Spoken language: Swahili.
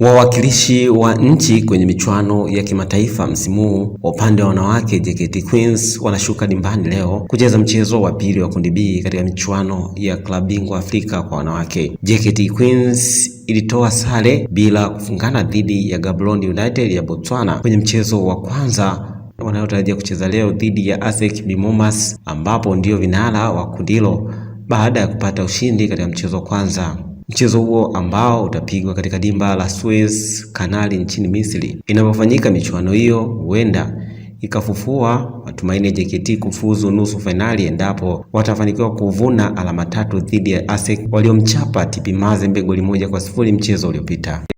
Wawakilishi wa nchi kwenye michuano ya kimataifa msimu huu wa upande wa wanawake, JKT Queens wanashuka dimbani leo kucheza mchezo wa pili wa kundi B katika michuano ya klabu bingwa Afrika kwa wanawake. JKT Queens ilitoa sare bila kufungana dhidi ya Gaborone United ya Botswana kwenye mchezo wa kwanza wanayotarajia kucheza leo dhidi ya ASEC Mimosas ambapo ndiyo vinara wa kundi hilo baada ya kupata ushindi katika mchezo wa kwanza mchezo huo ambao utapigwa katika dimba la Suez Kanali nchini Misri. Inapofanyika michuano hiyo, huenda ikafufua matumaini ya JKT kufuzu nusu fainali endapo watafanikiwa kuvuna alama tatu dhidi ya ASEC waliomchapa TP Mazembe goli moja kwa sifuri mchezo uliopita.